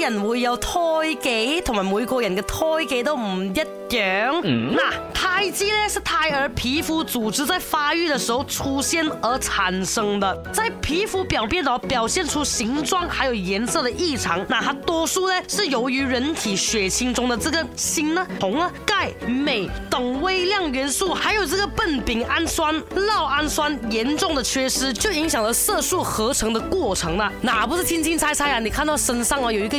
人會有胎記，同埋每個人的胎記都唔一樣。嗱、嗯，胎記呢，是胎兒皮膚組織在發育的時候出現而產生的，在皮膚表面呢表現出形狀還有顏色的異常。那它多數呢，是由於人體血清中的這個鋅呢、銅啊、鈣、鎂等微量元素，還有這個苯丙氨酸、酪氨酸嚴重的缺失，就影響了色素合成的過程呢。哪不是輕輕猜猜啊？你看到身上啊有一個？